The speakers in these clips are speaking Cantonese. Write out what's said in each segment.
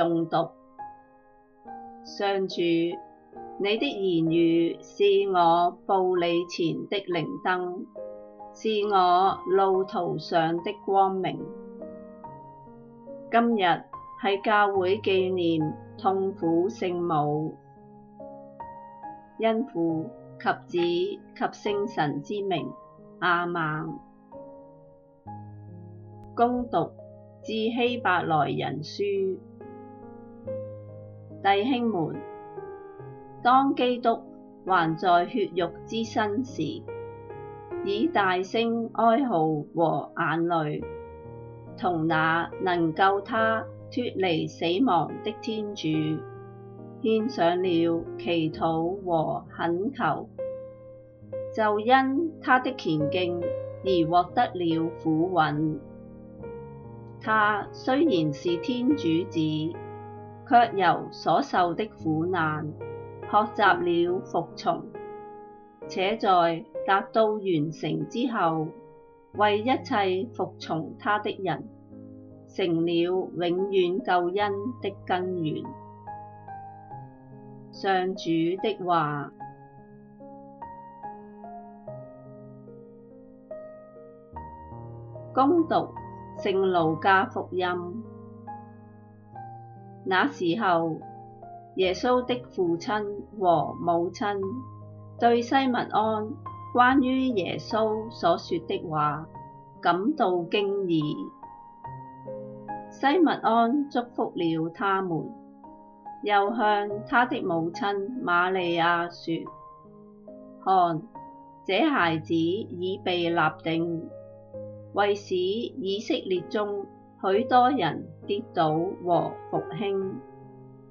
誦讀。上主，你的言語是我步履前的靈燈，是我路途上的光明。今日喺教會紀念痛苦聖母，因父及子及聖神之名。阿們。恭讀《致希伯來人書》。弟兄們，當基督還在血肉之身時，以大聲哀號和眼淚，同那能救他脫離死亡的天主，獻上了祈禱和懇求，就因他的虔敬而獲得了俯允。他雖然是天主子，卻由所受的苦難，學習了服從，且在達到完成之後，為一切服從他的人，成了永遠救恩的根源。上主的話，恭讀聖路加福音。那時候，耶穌的父親和母親對西默盎關於耶穌所說的話，感到驚異。西默盎祝福了他們，又向他的母親瑪利亞說：看，這孩子已被立定，為使以色列中許多人，跌倒和復興，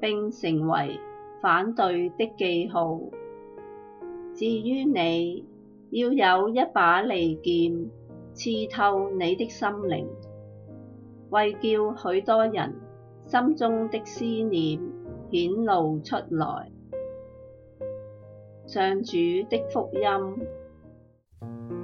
並成為反對的記號。至於你，要有一把利劍，刺透你的心靈，為叫許多人心中的思念顯露出來。上主的福音。